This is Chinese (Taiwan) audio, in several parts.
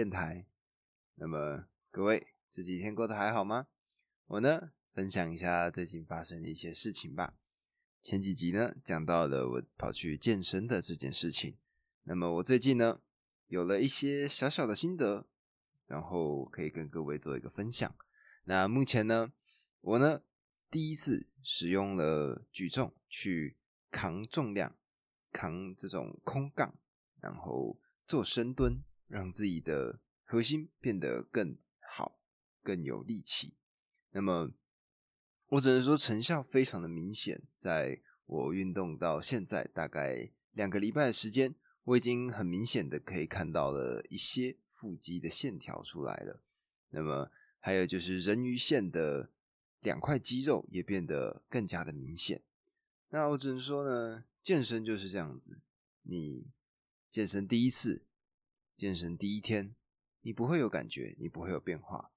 電臺，那麼各位這幾天過得還好嗎？我呢，分享一下最近發生的一些事情吧。前幾集呢，講到了我跑去健身的這件事情。那麼我最近呢，有了一些小小的心得，然後可以跟各位做一個分享。那目前呢，我呢，第一次使用了舉重去扛重量，扛這種空槓，然後做深蹲。讓自己的核心變得更好、更有力氣。那麼，我只能說成效非常的明顯。在我運動到現在大概兩個禮拜的時間，我已經很明顯的可以看到了一些腹肌的線條出來了。那麼，還有就是人魚線的兩塊肌肉也變得更加的明顯。那我只能說呢，健身就是這樣子。你健身第一次。健身第一天，你不會有感覺，你不會有變化。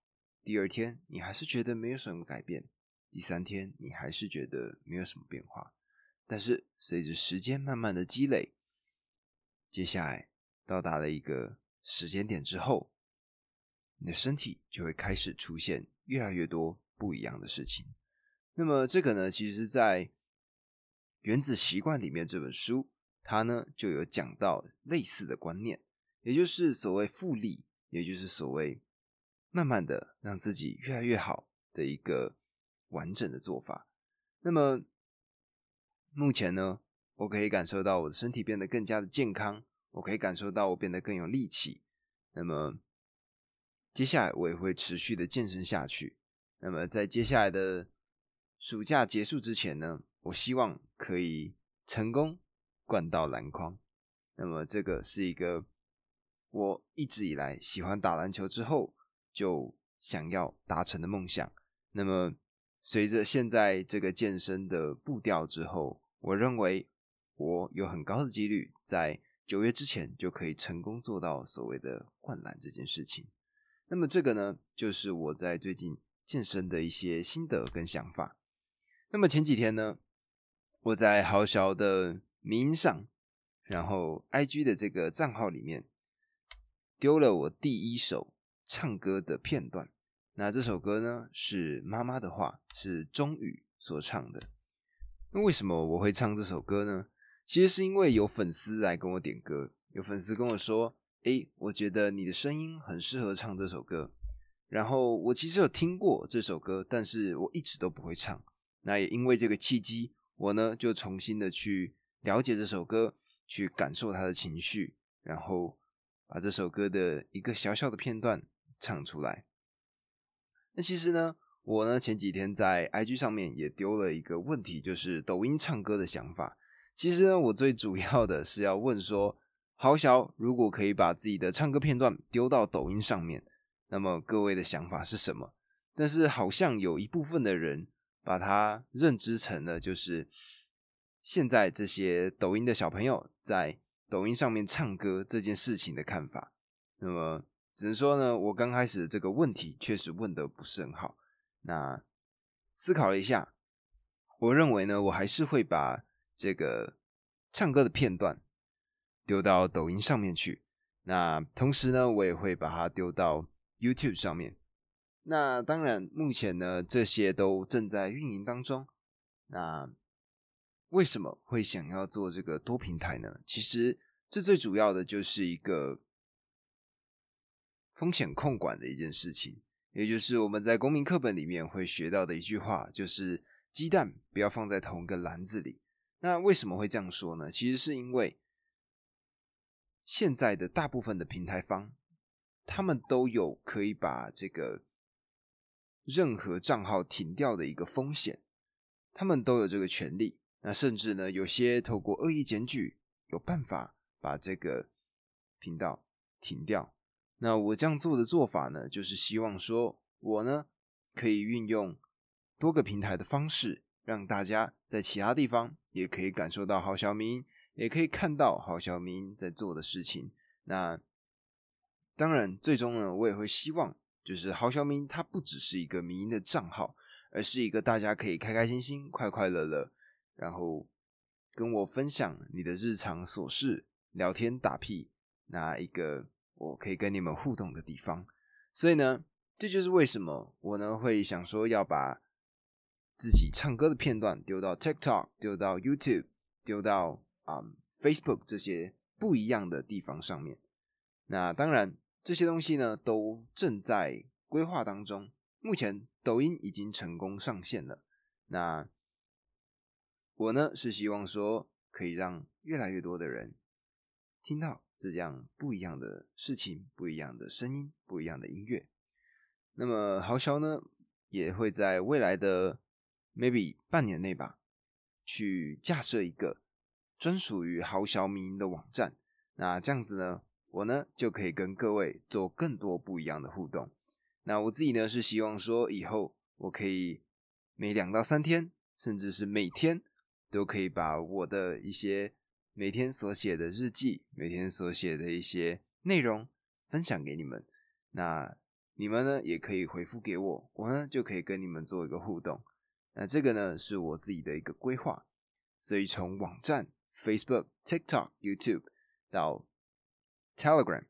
第二天，你還是覺得沒有什麼改變。第三天，你還是覺得沒有什麼變化。但是，隨着時間慢慢的積累，接下來到達了一個時間點之後，你的身體就會開始出現越來越多不一樣的事情。那麼，這個呢，其實在《原子習慣》裡面這本書，它呢就有講到類似的觀念。也就是所謂複利，也就是所謂慢慢的讓自己越來越好的一個完整的做法。那麼目前呢，我可以感受到我的身體變得更加的健康，我可以感受到我變得更有力氣。那麼接下來我也會持續的健身下去。那麼在接下來的暑假結束之前呢，我希望可以成功灌到籃筐。那麼這個是一個。我一直以來喜歡打籃球，之後就想要達成的夢想。那麼，隨着現在這個健身的步調之後，我認為我有很高的幾率在九月之前就可以成功做到所謂的灌籃這件事情。那麼，這個呢，就是我在最近健身的一些心得跟想法。那麼前幾天呢，我在豪洨迷因上，然後 I G 的這個賬號裡面。丟了我第一首唱歌的片段。那這首歌呢，是媽媽的話，是鍾宇所唱的。那為什麼我會唱這首歌呢？其實是因為有粉絲來跟我點歌，有粉絲跟我說：“誒，我覺得你的聲音很適合唱這首歌。”然後我其實有聽過這首歌，但是我一直都不會唱。那也因為這個契機，我呢就重新的去了解這首歌，去感受它的情緒，然後。把這首歌的一個小小的片段唱出來。那其實呢，我呢前幾天在 IG 上面也丟了一個問題，就是抖音唱歌的想法。其實呢，我最主要的是要問說，豪洨，如果可以把自己的唱歌片段丟到抖音上面，那麼各位的想法是什麼？但是好像有一部分的人把它認知成了，就是現在這些抖音的小朋友在抖音上面唱歌這件事情的看法，那麼只能說呢，我剛開始這個問題確實問得不是很好。那思考了一下，我認為呢，我還是會把這個唱歌的片段丟到抖音上面去。那同時呢，我也會把它丟到 YouTube 上面。那當然，目前呢，這些都正在運營當中。那。為什麼會想要做這個多平台呢？其實這最主要的就是一個風險控管的一件事情，也就是我們在公民課本裡面會學到的一句話，就是雞蛋不要放在同一個籃子裡。那為什麼會這樣說呢？其實是因為現在的大部分的平台方，他們都有可以把這個任何賬號停掉的一個風險，他們都有這個權利。那甚至呢，有些透過惡意檢舉，有辦法把這個頻道停掉。那我這樣做的做法呢，就是希望說，我呢可以運用多個平台的方式，讓大家在其他地方也可以感受到豪洨迷因，也可以看到豪洨迷因在做的事情。那當然，最終呢，我也會希望，就是豪洨迷因他不只是一個迷因的賬號，而是一個大家可以開開心心、快快樂樂。然後跟我分享你的日常瑣事、聊天打屁，那一個我可以跟你們互動的地方。所以呢，這就是為什麼我呢會想說要把自己唱歌的片段丟到 TikTok、丟到 YouTube、丟到啊、um, Facebook 這些不一樣的地方上面。那當然，這些東西呢都正在規劃當中。目前抖音已經成功上線了。那我呢，是希望說可以讓越來越多的人聽到這樣不一樣的事情、不一樣的聲音、不一樣的音樂。那麼豪洨呢也會在未來的 maybe 半年內吧，去架設一個專屬於豪洨迷的網站。那這樣子呢，我呢就可以跟各位做更多不一樣的互動。那我自己呢是希望說以後我可以每兩到三天，甚至是每天。都可以把我的一些每天所寫的日記、每天所寫的一些內容分享給你們。那你們呢也可以回覆給我，我呢就可以跟你們做一個互動。那這個呢是我自己的一個規劃，所以從網站、Facebook、TikTok、YouTube 到 Telegram，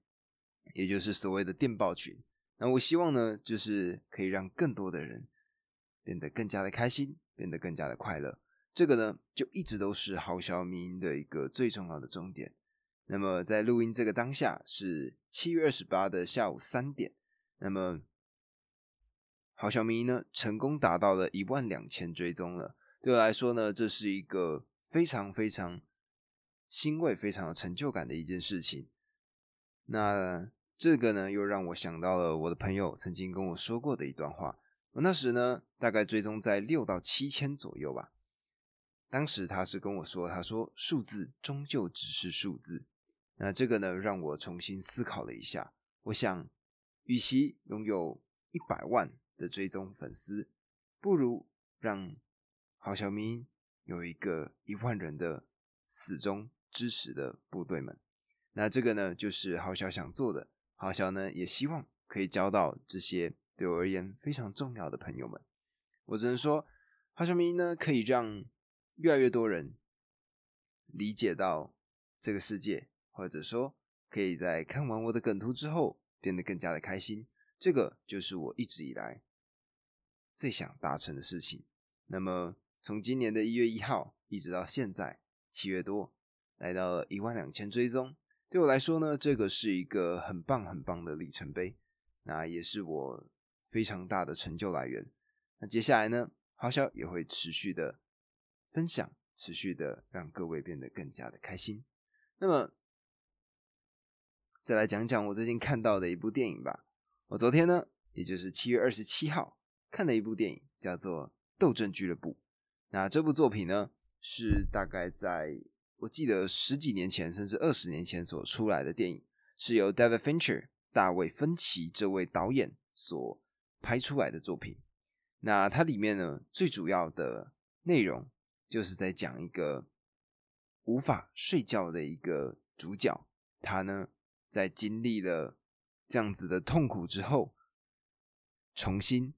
也就是所謂的電報群。那我希望呢，就是可以讓更多的人變得更加的開心，變得更加的快樂。這個呢，就一直都是豪洨迷因的一個最重要的終點。那麼在錄音這個當下，是七月二十八的下午三點。那麼豪洨迷因呢，成功達到了一萬兩千追蹤了。對我來說呢，這是一個非常非常欣慰、非常有成就感的一件事情。那這個呢，又讓我想到了我的朋友曾經跟我說過的一段話。我那時呢，大概追蹤在六到七千左右吧。當時他是跟我說：“他說數字終究只是數字。”那這個呢，讓我重新思考了一下。我想，與其擁有一百萬的追蹤粉絲，不如讓豪洨咪有一個一萬人的死忠支持的部隊們。那這個呢，就是豪洨想做的。豪洨呢，也希望可以交到這些對我而言非常重要的朋友們。我只能說，豪洨咪呢，可以讓。越來越多人理解到這個世界，或者說可以在看完我的梗圖之後變得更加的開心，這個就是我一直以來最想達成的事情。那麼從今年的一月一號一直到現在七月多，來到了一萬兩千追蹤，對我來說呢，這個是一個很棒很棒的里程碑，那也是我非常大的成就來源。那接下來呢，豪洨也會持續的。分享，持續的讓各位變得更加的開心。那麼，再來講講我最近看到的一部電影吧。我昨天呢，也就是七月二十七號看了一部電影，叫做《鬥陣俱樂部》。那這部作品呢，是大概在我記得十幾年前，甚至二十年前所出來的電影，是由 David Fincher 大衛芬奇，這位導演所拍出來的作品。那它裡面呢，最主要的內容，就是在講一個無法睡覺的一個主角，他呢，在經歷了這樣子的痛苦之後，重新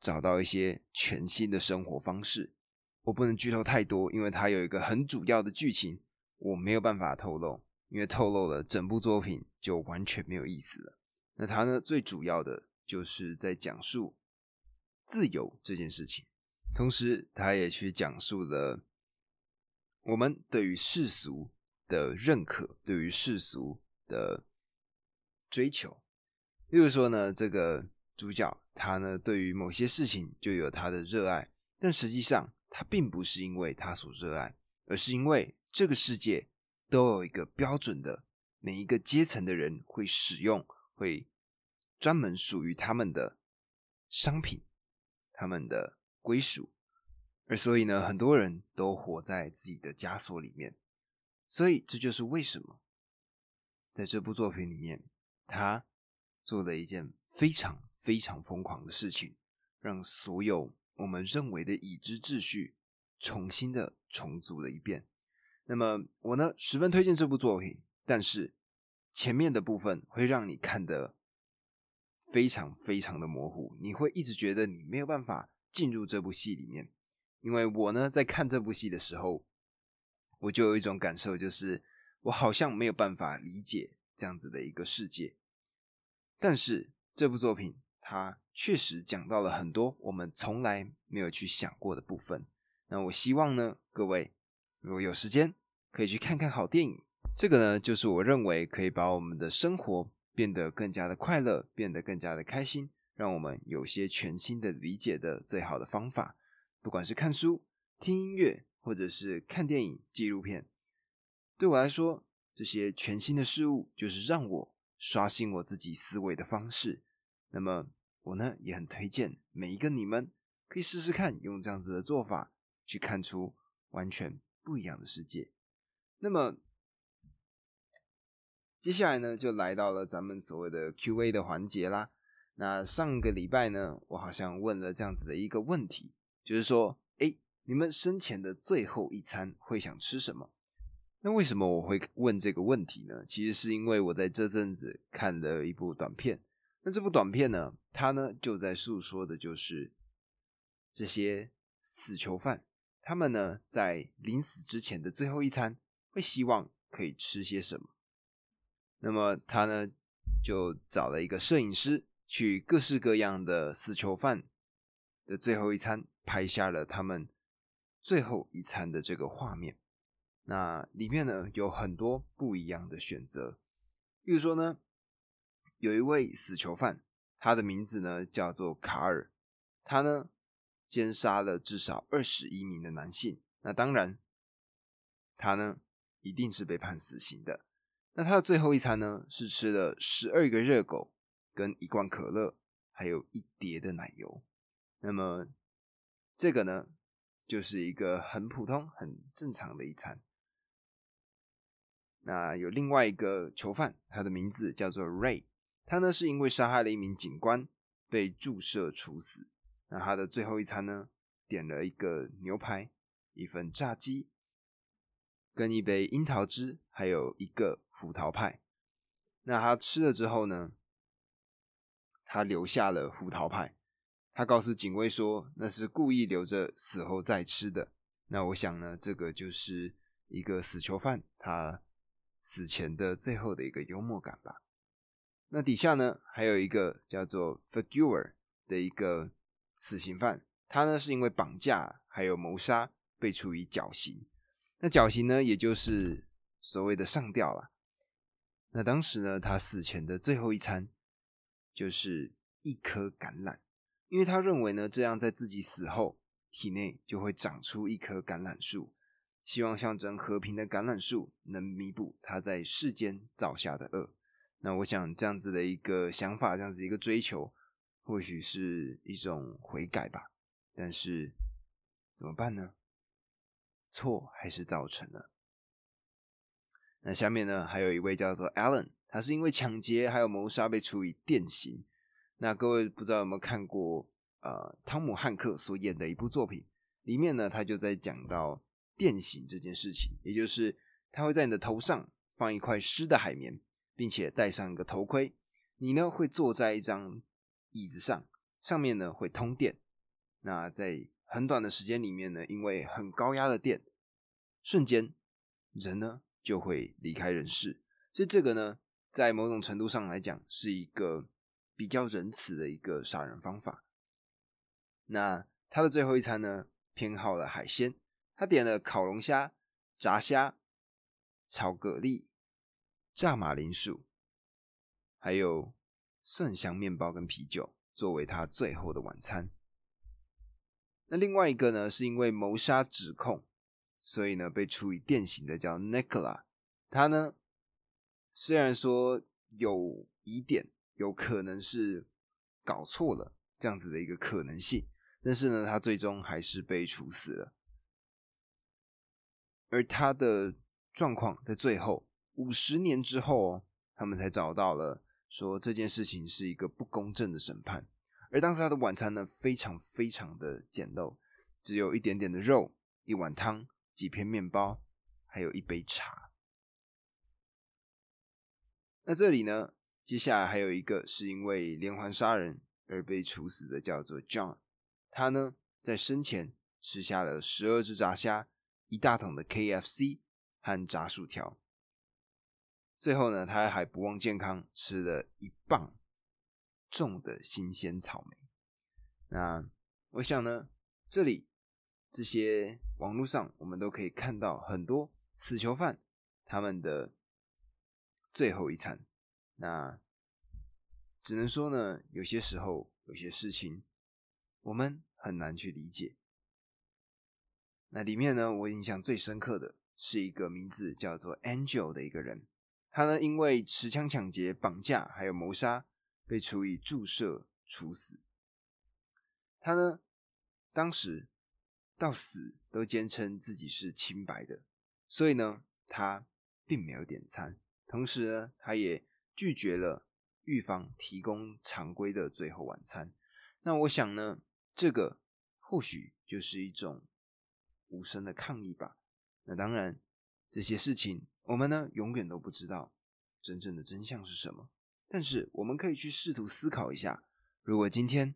找到一些全新的生活方式。我不能劇透太多，因為它有一個很主要的劇情，我沒有辦法透露，因為透露了整部作品就完全沒有意思了。那他呢，最主要的就是在講述自由這件事情。同時，他也去講述了我們對於世俗的認可，對於世俗的追求。例如說呢，這個主角他呢，對於某些事情就有他的熱愛，但實際上他並不是因為他所熱愛，而是因為這個世界都有一個標準的，每一個階層的人會使用，會專門屬於他們的商品，他們的歸屬，而所以呢，很多人都活在自己的枷鎖裡面，所以這就是為什麼在這部作品裡面，他做了一件非常非常瘋狂的事情，讓所有我們認為的已知秩序重新的重組了一遍。那麼我呢，十分推薦這部作品，但是前面的部分會讓你看得非常非常的模糊，你會一直覺得你沒有辦法。進入這部戲裡面，因為我呢在看這部戲的時候，我就有一種感受，就是我好像沒有辦法理解這樣子的一個世界。但是這部作品它確實講到了很多我們從來沒有去想過的部分。那我希望呢，各位如果有時間可以去看看好電影。這個呢，就是我認為可以把我們的生活變得更加的快樂，變得更加的開心。讓我們有些全新的理解的最好的方法，不管是看書、聽音樂，或者是看電影、紀錄片。對我來說，這些全新的事物就是讓我刷新我自己思維的方式。那麼，我呢也很推薦每一個你們可以試試看，用這樣子的做法去看出完全不一樣的世界。那麼，接下來呢就來到了咱們所謂的 QA 的環節啦。那上個禮拜呢，我好像問了這樣子的一個問題，就是說，哎，你們生前的最後一餐會想吃什麼？那為什麼我會問這個問題呢？其實是因為我在這陣子看了一部短片。那這部短片呢，它呢就在訴說的就是這些死囚犯，他們呢在臨死之前的最後一餐會希望可以吃些什麼。那麼他呢就找了一個攝影師。去各式各樣的死囚犯的最後一餐，拍下了他們最後一餐的這個畫面。那裡面呢有很多不一樣的選擇，比如說呢，有一位死囚犯，他的名字呢叫做卡爾，他呢奸殺了至少二十一名的男性。那當然，他呢一定是被判死刑的。那他的最後一餐呢是吃了十二個熱狗。跟一罐可樂，還有一碟的奶油。那麼這個呢，就是一個很普通、很正常的一餐。那有另外一個囚犯，他的名字叫做 Ray，他呢是因為殺害了一名警官，被注射處死。那他的最後一餐呢，點了一個牛排、一份炸雞，跟一杯櫻桃汁，還有一個葡萄派。那他吃了之後呢？他留下了胡桃派，他告訴警衛說那是故意留着死後再吃的。那我想呢，這個就是一個死囚犯他死前的最後的一個幽默感吧。那底下呢，還有一個叫做 Figuer 的一個死刑犯，他呢是因為綁架還有謀殺被處以絞刑。那絞刑呢，也就是所謂的上吊啦。那當時呢，他死前的最後一餐，就是一顆橄欖，因為他認為呢，這樣在自己死後，體內就會長出一棵橄欖樹，希望象徵和平的橄欖樹能彌補他在世間造下的惡。那我想這樣子的一個想法，這樣子一個追求，或許是一種悔改吧。但是怎麼辦呢？錯還是造成了。那下面呢，還有一位叫做 Alan。他是因為搶劫還有謀殺被處以電刑。那各位不知道有沒有看過呃湯姆漢克所演的一部作品，裡面呢，他就在講到電刑這件事情，也就是他會在你的頭上放一塊濕的海綿，並且戴上一個頭盔，你呢會坐在一張椅子上，上面呢會通電。那在很短的時間裡面呢，因為很高壓的電，瞬間人呢就會離開人世。所以這個呢。在某種程度上來講，是一個比較仁慈的一個殺人方法。那他的最後一餐呢，偏好了海鮮，他點了烤龍蝦、炸蝦、炒蛤蜊、炸馬鈴薯，還有蒜香面包跟啤酒作為他最後的晚餐。那另外一個呢，是因為謀殺指控，所以呢被處以電刑的叫 Nicola 他呢。雖然說有疑點，有可能是搞錯了這樣子的一個可能性，但是呢，他最終還是被處死了。而他的狀況在最後五十年之後，哦，他們才找到了說這件事情是一個不公正的審判。而當時他的晚餐呢，非常非常的簡陋，只有一點點的肉，一碗湯，幾片麵包，還有一杯茶。那這裡呢，接下來還有一個是因為連環殺人而被處死的，叫做 John。他呢在生前吃下了十二隻炸蝦、一大桶的 KFC 和炸薯條，最後呢他還不忘健康，吃了一磅重的新鮮草莓。那我想呢，這裡這些網絡上我們都可以看到很多死囚犯他們的。最後一餐，那只能說呢，有些時候有些事情我們很難去理解。那裡面呢，我印象最深刻的是一個名字叫做 Angel 的一個人，他呢因為持槍搶劫、綁架還有謀殺被處以注射處死。他呢當時到死都堅稱自己是清白的，所以呢他並沒有點餐。同時呢，他也拒絕了獄方提供常規的最後晚餐。那我想呢，這個或許就是一種無聲的抗議吧。那當然，這些事情我們呢永遠都不知道真正的真相是什麼。但是我們可以去試圖思考一下，如果今天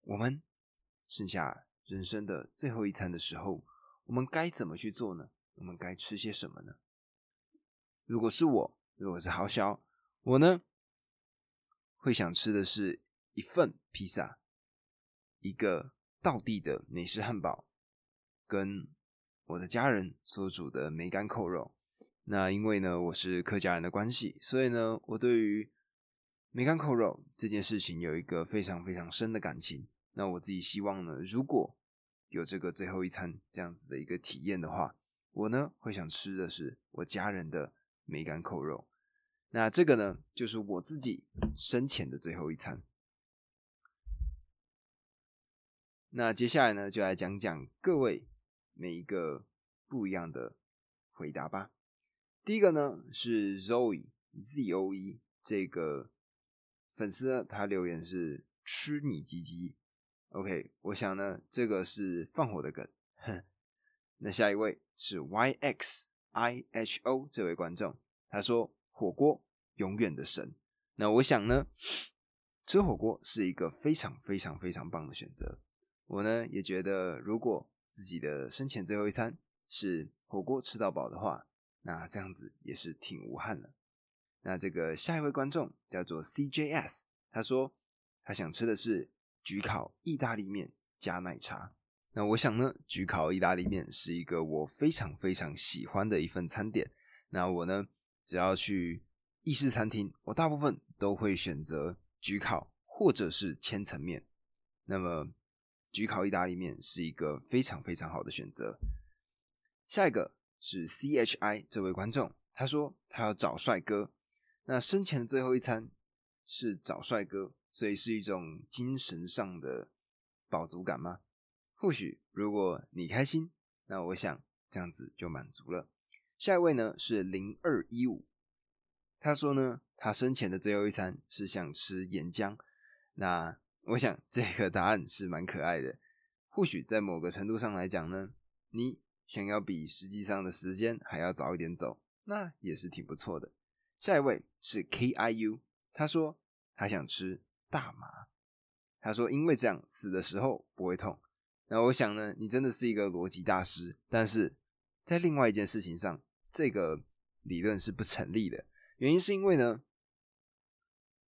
我們剩下人生的最後一餐的時候，我們該怎麼去做呢？我們該吃些什麼呢？如果是我，如果是豪洨，我呢會想吃的是一份披薩，一個道地的美式漢堡，跟我的家人所煮的梅乾扣肉。那因為呢我是客家人的關係，所以呢我對於梅乾扣肉這件事情有一個非常非常深的感情。那我自己希望呢，如果有這個最後一餐這樣子的一個體驗的話，我呢會想吃的是我家人的。梅乾扣肉，那這個呢，就是我自己生前的最後一餐。那接下來呢，就來講講各位每一個不一樣的回答吧。第一個呢是 Zoe Z O E 這個粉絲，他留言是“吃你雞雞 ”，OK，我想呢這個是放火的梗。 那下一位是 Y X I H O 這位觀眾。他說：“火鍋永遠的神。”那我想呢，吃火鍋是一個非常非常非常棒的選擇。我呢也覺得，如果自己的生前最後一餐是火鍋吃到飽的話，那這樣子也是挺無憾的。那這個下一位觀眾叫做 CJS，他說他想吃的是焗烤意大利麵加奶茶。那我想呢，焗烤意大利麵是一個我非常非常喜歡的一份餐點。那我呢，只要去意式餐廳，我大部分都會選擇焗烤或者是千層麵。那麼焗烤意大利麵是一個非常非常好的選擇。下一個是 CHI 這位觀眾，他說他要找帥哥，那生前的最後一餐是找帥哥，所以是一種精神上的飽足感嗎？或許如果你開心，那我想這樣子就滿足了。下一位呢是零二一五，他說呢，他生前的最後一餐是想吃岩漿。那我想這個答案是蠻可愛的。或許在某個程度上來講呢，你想要比實際上的時間還要早一點走，那也是挺不錯的。下一位是 KIU，他說他想吃大麻。他說因為這樣死的時候不會痛。那我想呢，你真的是一個邏輯大師。但是在另外一件事情上。這個理論是不成立的，原因是因為呢，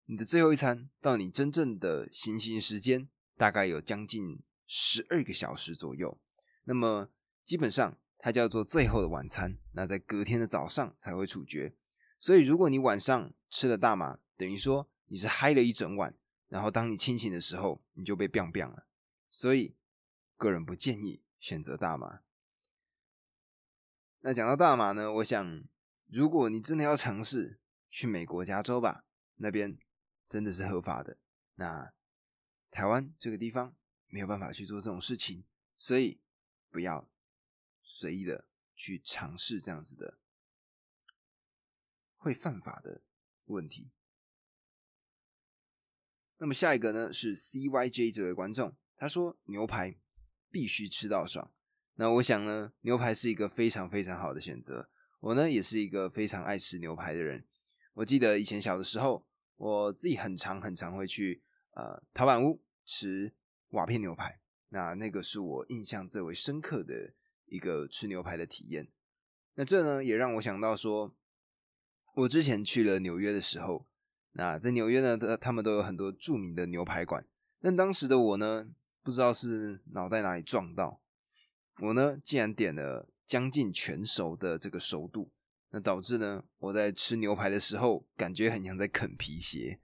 你的最後一餐到你真正的行刑時間大概有將近十二個小時左右，那麼基本上它叫做最後的晚餐，那在隔天的早上才會處決。所以如果你晚上吃了大麻，等於說你是嗨了一整晚，然後當你清醒的時候，你就被砰砰了，所以個人不建議選擇大麻。那講到大馬呢，我想，如果你真的要嘗試去美國加州吧，那邊真的是合法的。那台灣這個地方沒有辦法去做這種事情，所以不要隨意的去嘗試這樣子的，會犯法的問題。那麼下一個呢是 CYJ 這位觀眾，他說牛排必須吃到爽。那我想呢，牛排是一個非常非常好的選擇。我呢，也是一個非常愛吃牛排的人。我記得以前小的時候，我自己很常很常會去呃陶板屋吃瓦片牛排。那那個是我印象最為深刻的一個吃牛排的體驗。那這呢，也讓我想到說，我之前去了紐約的時候，那在紐約呢，他他們都有很多著名的牛排館。但當時的我呢，不知道是腦袋哪裡撞到。我呢，竟然點了將近全熟的這個熟度，那導致呢，我在吃牛排的時候，感覺很像在啃皮鞋。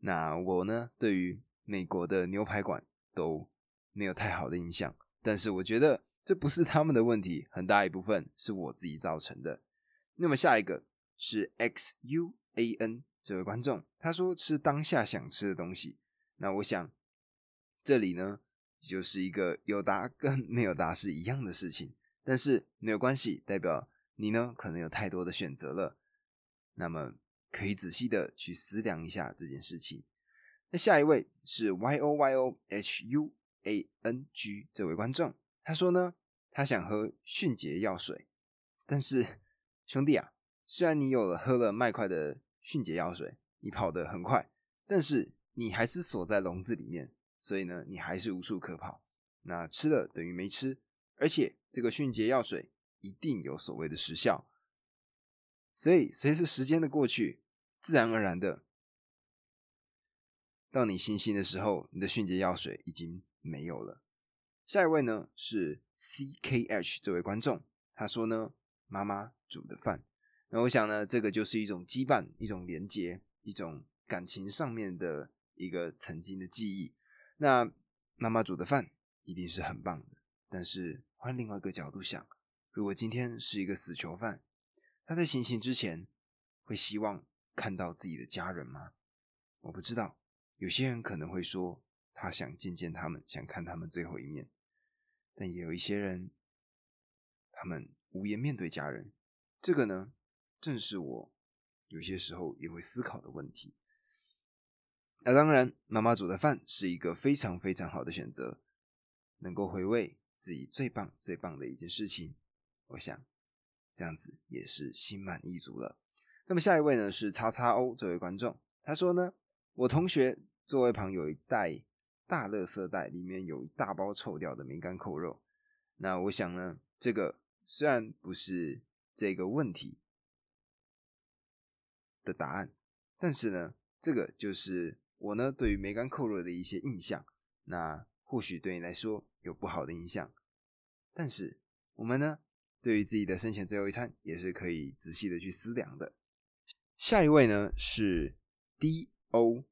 那我呢，對於美國的牛排館都沒有太好的印象。但是我覺得這不是他們的問題，很大一部分是我自己造成的。那麼下一個是 XUAN 這位觀眾，他說吃當下想吃的東西。那我想這裡呢，就是一個有答，跟沒有答是一樣的事情，但是沒有關係，代表你呢，可能有太多的選擇了，那麼可以仔細的去思量一下這件事情。那下一位是 Y O Y O H U A N G 這位觀眾，他說呢，他想喝迅捷藥水，但是兄弟啊，雖然你有了喝了麥塊的迅捷藥水，你跑得很快，但是你還是鎖在籠子裡面。所以呢，你還是無處可跑。那吃了等於沒吃，而且這個迅捷藥水一定有所謂的時效。所以，隨着時，時間的過去，自然而然的，到你醒，醒的時候，你的迅捷藥水已經沒有了。下一位呢是 C K H 這位觀眾，他說呢，媽媽煮的飯。那我想呢，這個就是一種羈絆，一種連接，一種感情上面的一個曾經的記憶。那媽媽煮的飯一定是很棒的。但是換另外一個角度想，如果今天是一個死囚犯，他在行刑之前會希望看到自己的家人嗎？我不知道。有些人可能會說，他想見見他們，想看他們最後一面。但也有一些人，他們無顏面對家人。這個呢，正是我有些時候也會思考的問題。那當然，媽媽煮的飯是一個非常非常好的選擇，能夠回味自己最棒最棒的一件事情，我想這樣子也是心滿意足了。那麼下一位呢是叉叉 O 這位觀眾，他說呢，我同學座位旁有一袋大垃圾袋，裡面有一大包臭掉的梅乾扣肉。那我想呢，這個雖然不是這個問題的答案，但是呢，這個就是。我呢，對於梅乾扣肉的一些印象，那或許對你來說有不好的印象，但是我們呢，對於自己的生前最後一餐，也是可以仔細的去思量的。下一位呢是 D O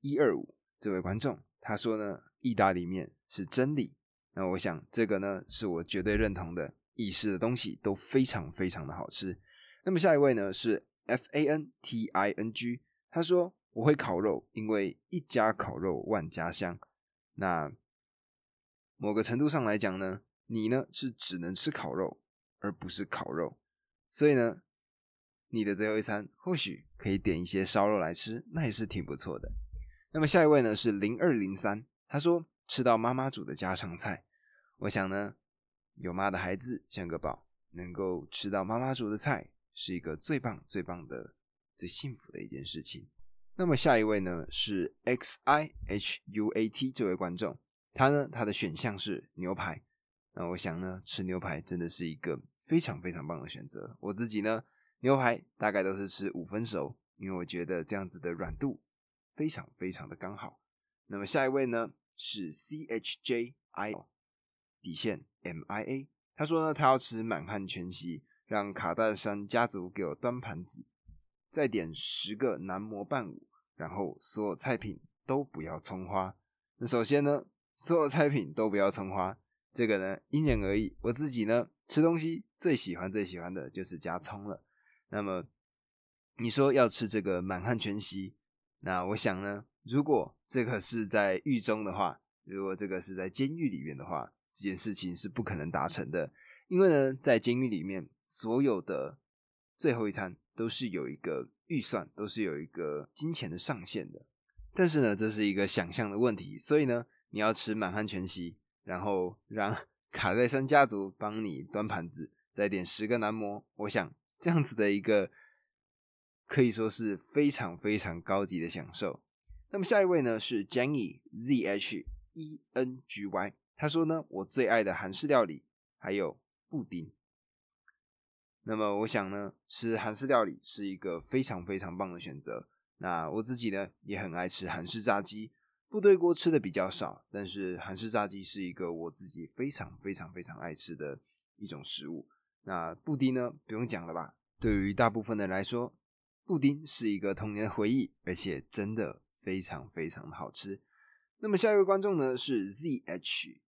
一二五這位觀眾，他說呢，意大利面是真理。那我想這個呢，是我絕對認同的，意式的東西都非常非常的好吃。那麼下一位呢是 F A N T I N G，他說。我會烤肉，因為一家烤肉萬家香。那某個程度上來講呢，你呢是只能吃烤肉，而不是烤肉。所以呢，你的最後一餐或許可以點一些燒肉來吃，那也是挺不錯的。那麼下一位呢是零二零三，他說吃到媽媽煮的家常菜。我想呢，有媽的孩子像個寶，能夠吃到媽媽煮的菜是一個最棒、最棒的、最幸福的一件事情。那麼下一位呢是 XIHUAT 這位觀眾，他呢，他的選項是牛排，那我想呢，吃牛排真的是一個非常非常棒的選擇。我自己呢，牛排大概都是吃五分熟，因為我覺得這樣子的軟度非常非常的剛好。那麼下一位呢是 CHJI 底線 MIA，他說呢，他要吃滿漢全席，讓卡戴珊家族給我端盤子。再點十個男模伴舞，然後所有菜品都不要蔥花。那首先呢，所有菜品都不要蔥花，這個呢因人而異。我自己呢吃東西最喜歡最喜歡的就是加蔥了。那麼你說要吃這個滿漢全席，那我想呢，如果這個是在獄中的話，如果這個是在監獄裡面的話，這件事情是不可能達成的，因為呢在監獄裡面所有的最後一餐。都是有一個預算，都是有一個金錢的上限的。但是呢，這是一個想象的問題。所以呢，你要吃滿漢全席，然後讓卡戴珊家族幫你端盤子，再點十個男模，我想這樣子的一個可以說是非常非常高級的享受。那麼下一位呢，是 Jenny Z H E N G Y，他說呢，我最愛的韓式料理還有布丁。那麼我想呢，吃韓式料理是一個非常非常棒的選擇。那我自己呢，也很愛吃韓式炸雞，部隊鍋吃的比較少，但是韓式炸雞是一個我自己非常非常非常愛吃的一種食物。那布丁呢，不用講了吧？對於大部分的人來說，布丁是一個童年回憶，而且真的非常非常的好吃。那麼下一位觀眾呢，是 Z H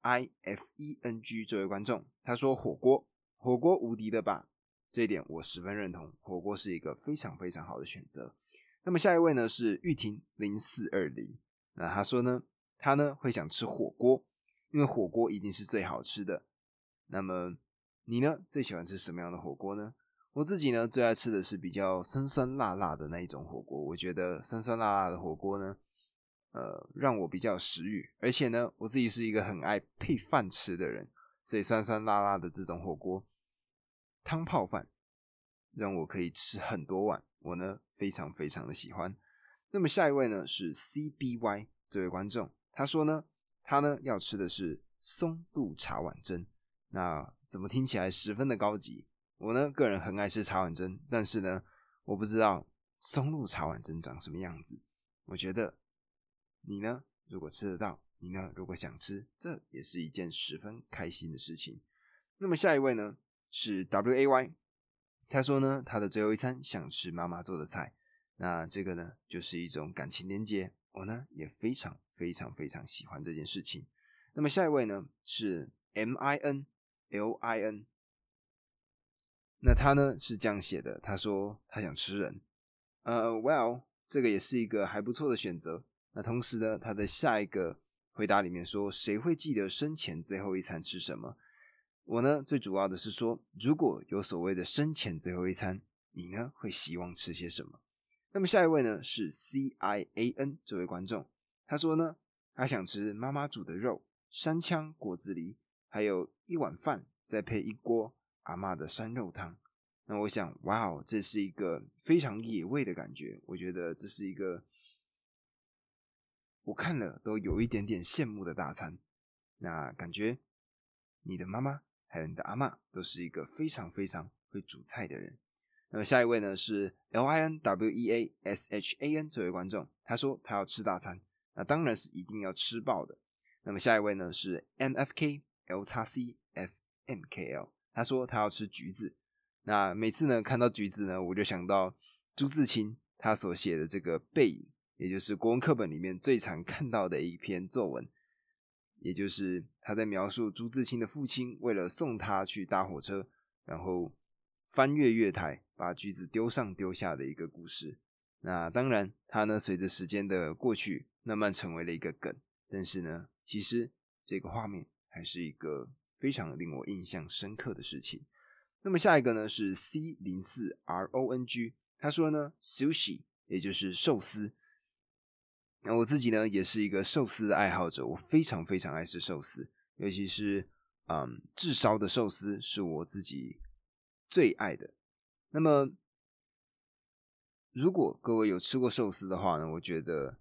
I F E N G 這位觀眾，他說火鍋。火鍋無敵的吧，這一點我十分認同。火鍋是一個非常非常好的選擇。那麼下一位呢，是玉婷零四二零，那他說呢，他呢會想吃火鍋，因為火鍋一定是最好吃的。那麼你呢，最喜歡吃什麼樣的火鍋呢？我自己呢，最愛吃的是比較酸酸辣辣的那一種火鍋。我覺得酸酸辣辣的火鍋呢，呃，讓我比較有食慾，而且呢，我自己是一個很愛配飯吃的人，所以酸酸辣辣的這種火鍋。湯泡飯，讓我可以吃很多碗，我呢非常非常的喜歡。那麼下一位呢是 CBY 這位觀眾，他說呢，他呢要吃的是松露茶碗蒸。那怎麼聽起來十分的高級？我呢個人很愛吃茶碗蒸，但是呢我不知道松露茶碗蒸長什麼樣子。我覺得你呢如果吃得到，你呢如果想吃，這也是一件十分開心的事情。那麼下一位呢？是 W A Y，他說呢，他的最後一餐，想吃媽媽做的菜。那這個呢，就是一種感情連接。我、哦、呢，也非常非常非常喜歡這件事情。那麼下一位呢是 M I N L I N，那他呢是這樣寫的，他說他想吃人。呃、uh，Well、wow，這個也是一個還不錯的選擇。那同時呢，他的下一個回答裡面說，誰會記得生前最後一餐吃什麼？我呢，最主要的是說，如果有所謂的生前最後一餐，你呢會希望吃些什麼？那麼下一位呢是 C I A N 這位觀眾，他說呢，他想吃媽媽煮的肉，山羌、果子狸，還有一碗飯，再配一鍋阿嬤的山肉湯。那我想，哇哦，這是一個非常野味的感覺，我覺得這是一個我看了都有一點點羨慕的大餐。那感覺你的媽媽。還有你的阿嬤都是一個非常非常會煮菜的人。那麼下一位呢是 L I N W E A S H A N 這位觀眾，他說他要吃大餐，那當然是一定要吃爆的。那麼下一位呢是 N F K L X C F M K L，他說他要吃橘子。那每次呢看到橘子呢，我就想到朱自清他所寫的這個《背影》，也就是國文課本裡面最常看到的一篇作文。也就是他在描述，朱自清的父親為了送他去搭火車，然後翻越月台，把橘子丟上丟下的一個故事。那當然，他呢隨着時間的過去，慢慢成為了一個梗。但是呢，其實這個畫面還是一個非常令我印象深刻的事情。那麼下一個呢是 C04RONG，他說呢，Sushi，也就是壽司。那我自己呢，也是一個壽司的愛好者，我非常非常愛吃壽司，尤其是嗯炙燒的壽司是我自己最愛的。那麼，如果各位有吃過壽司的話呢，我覺得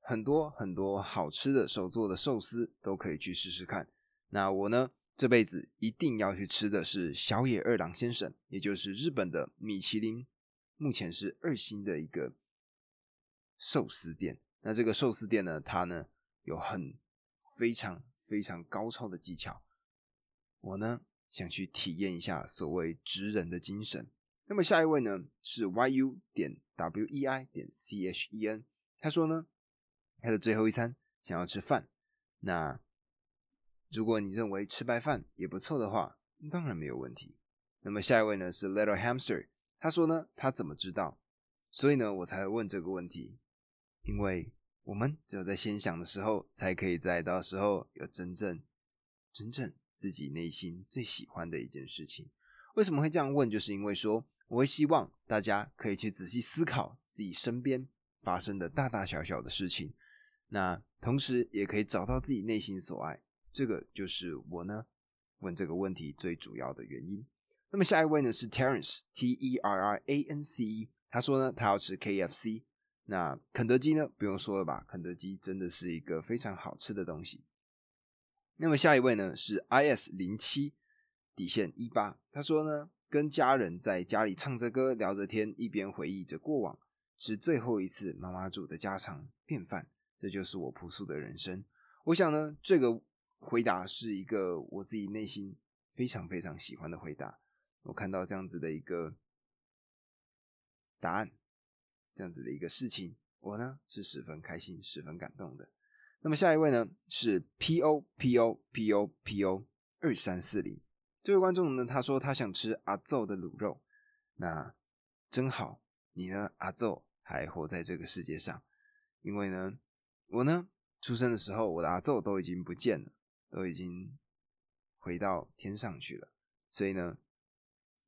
很多很多好吃的手做的壽司都可以去試試看。那我呢，這輩子一定要去吃的是小野二郎先生，也就是日本的米其林，目前是二星的一個壽司店。那這個壽司店呢，它呢有很非常非常高超的技巧。我呢想去體驗一下所謂“職人”的精神。那麼下一位呢是 YU 點 W E I 點 C H E N，他說呢他的最後一餐想要吃飯。那如果你認為吃白飯也不錯的話，當然沒有問題。那麼下一位呢是 Little Hamster，他說呢他怎麼知道？所以呢我才會問這個問題。因為我們只有在先想的時候，才可以再到時候有真正、真正自己內心最喜歡的一件事情。為什麼會這樣問？就是因為說，我會希望大家可以去仔細思考自己身邊發生的大大小小的事情，那同時也可以找到自己內心所愛。這個就是我呢問這個問題最主要的原因。那麼下一位呢是 Terence T E R R A N C，他說呢，他要吃 K F C。那肯德基呢？不用說了吧，肯德基真的是一個非常好吃的東西。那麼下一位呢是 IS 零七底線一八，他說呢，跟家人在家裡唱着歌聊着天，一邊回憶着過往，是最後一次媽媽煮的家常便飯，這就是我樸素的人生。我想呢，這個回答是一個我自己內心非常非常喜歡的回答。我看到這樣子的一個答案。這樣子的一個事情，我呢是十分開心、十分感動的。那麼下一位呢是 POPOPOPO2340，這位觀眾呢，他說他想吃阿祖的滷肉，那真好。你呢，阿祖還活在這個世界上，因為呢，我呢出生的時候，我的阿祖都已經不見了，都已經回到天上去了。所以呢，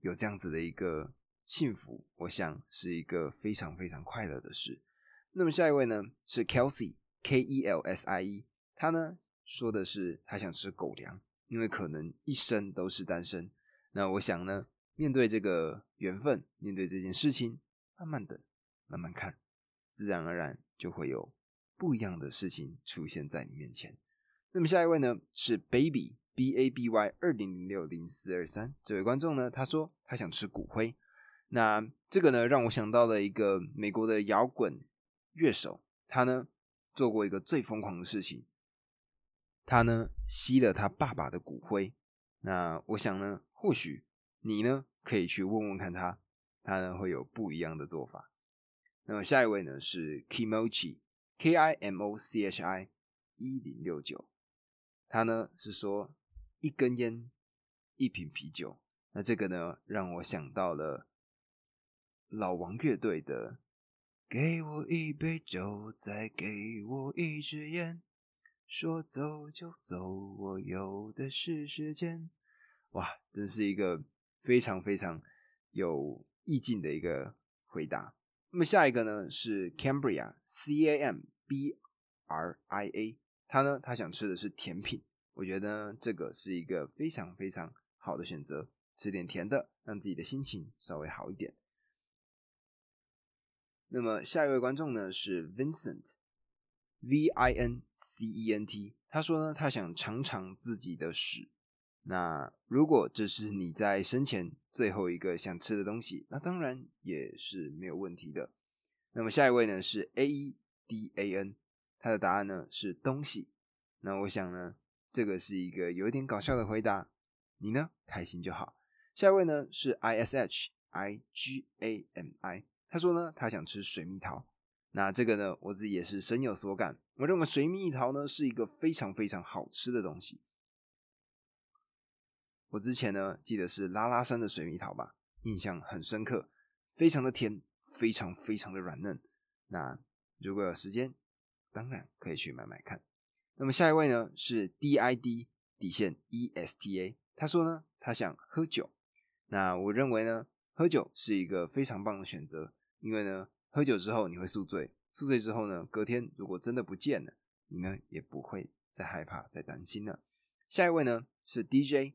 有這樣子的一個。幸福，我想是一個非常非常快樂的事。那麼下一位呢，是 Kelsey K E L S I E，他呢，說的是他想吃狗糧，因為可能一生都是單身。那我想呢，面對這個緣分，面對這件事情，慢慢的，慢慢看，自然而然就會有不一樣的事情出現在你面前。那麼下一位呢，是 Baby B A B Y 二零零六零四二三，這位觀眾呢，他說他想吃骨灰。那這個呢，讓我想到了一個美國的搖滾樂手，他呢做過一個最瘋狂的事情，他呢吸了他爸爸的骨灰。那我想呢，或許你呢可以去問問看他，他呢會有不一樣的做法。那麼下一位呢是 Kimochi K I M O C H I 一零六九，他呢是說一根菸，一瓶啤酒。那這個呢讓我想到了。老王樂隊的，給我一杯酒，再給我一支菸，說走就走，我有的是時間。哇，真是一個非常非常有意境的一個回答。那麼下一個呢是 Cambria，C-A-M-B-R-I-A，他呢他想吃的是甜品，我覺得這個是一個非常非常好的選擇，吃點甜的，讓自己的心情稍微好一點。那麼下一位觀眾呢是 Vincent，V I N C E N T。他說呢，他想嘗嘗自己的屎。那如果這是你在生前最後一個想吃的東西，那當然也是沒有問題的。那麼下一位呢是 A E D A N，他的答案呢是東西。那我想呢，這個是一個有一點搞笑的回答。你呢，開心就好。下一位呢是 I S H I G A M I。他說呢，他想吃水蜜桃。那這個呢，我自己也是深有所感。我認為水蜜桃呢是一個非常非常好吃的東西。我之前呢記得是拉拉山的水蜜桃吧，印象很深刻，非常的甜，非常非常的軟嫩。那如果有時間，當然可以去買買看。那麼下一位呢是 DID 底線 ESTA。他說呢，他想喝酒。那我認為呢，喝酒是一個非常棒的選擇。因為呢，喝酒之後你會宿醉，宿醉之後呢，隔天如果真的不見了，你呢也不會再害怕、再擔心了。下一位呢是 DJ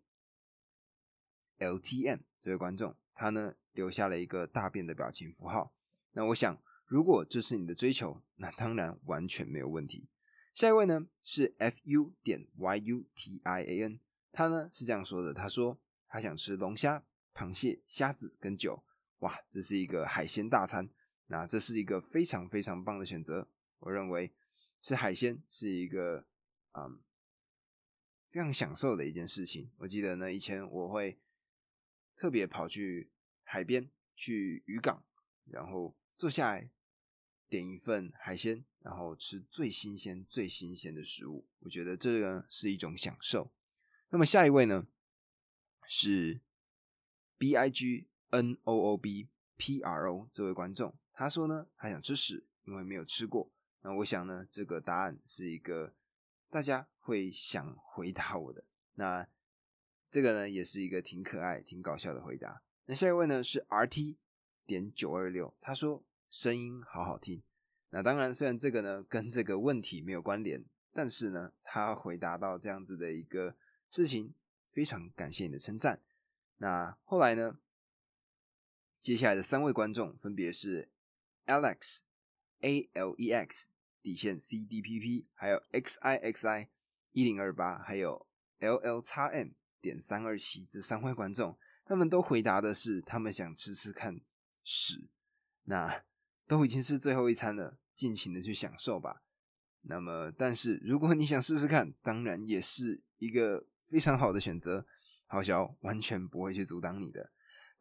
LTM 這位觀眾，他呢留下了一個大便的表情符號。那我想，如果這是你的追求，那當然完全沒有問題。下一位呢是 F U 點 Y U T I A N，他呢是這樣說的：他說他想吃龍蝦、螃蟹、蝦子跟酒。哇，這是一個海鮮大餐，那、啊、這是一個非常非常棒的選擇。我認為吃海鮮是一個啊、嗯、非常享受的一件事情。我記得呢，以前我會特別跑去海邊、去漁港，然後坐下來點一份海鮮，然後吃最新鮮、最新鮮的食物。我覺得這個是一種享受。那麼下一位呢是 BIG。N O O B P R O 這位觀眾，他說呢，他想吃屎，因為沒有吃過。那我想呢，這個答案是一個大家會想回答我的。那這個呢，也是一個挺可愛、挺搞笑的回答。那下一位呢是 R T 點九二六，他說，聲音好好聽。那當然，雖然這個呢跟這個問題沒有關聯，但是呢，他回答到這樣子的一個事情，非常感謝你的稱讚。那後來呢？接下來的三位觀眾分別是 Alex、A L E X、底線 C D P P，還有 X I X I 一零二八，還有 L L X M 點三二七。這三位觀眾，他們都回答的是他們想吃吃看屎。那都已經是最後一餐了，盡情的去享受吧。那麼，但是如果你想試試看，當然也是一個非常好的選擇。豪洨完全不會去阻擋你的。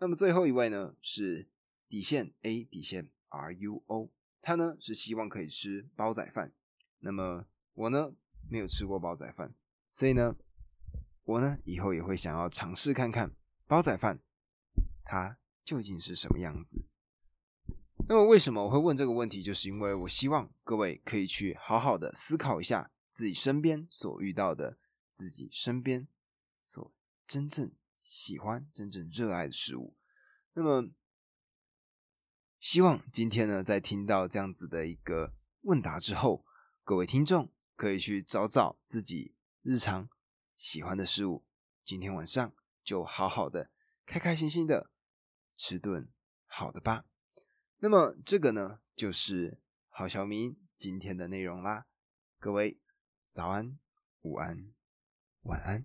那麼最後一位呢，是底線 A 底線 R U O，他呢是希望可以吃煲仔飯。那麼我呢沒有吃過煲仔飯，所以呢我呢以後也會想要嘗試看看煲仔飯它究竟是什麼樣子。那麼為什麼我會問這個問題？就是因為我希望各位可以去好好的思考一下自己身邊所遇到的，自己身邊所真正。喜歡真正熱愛的食物，那麼希望今天呢，在聽到這樣子的一個問答之後，各位聽眾可以去找找自己日常喜歡的食物，今天晚上就好好的開開心心的吃頓好的吧。那麼這個呢，就是郝小明今天的內容啦。各位早安、午安、晚安。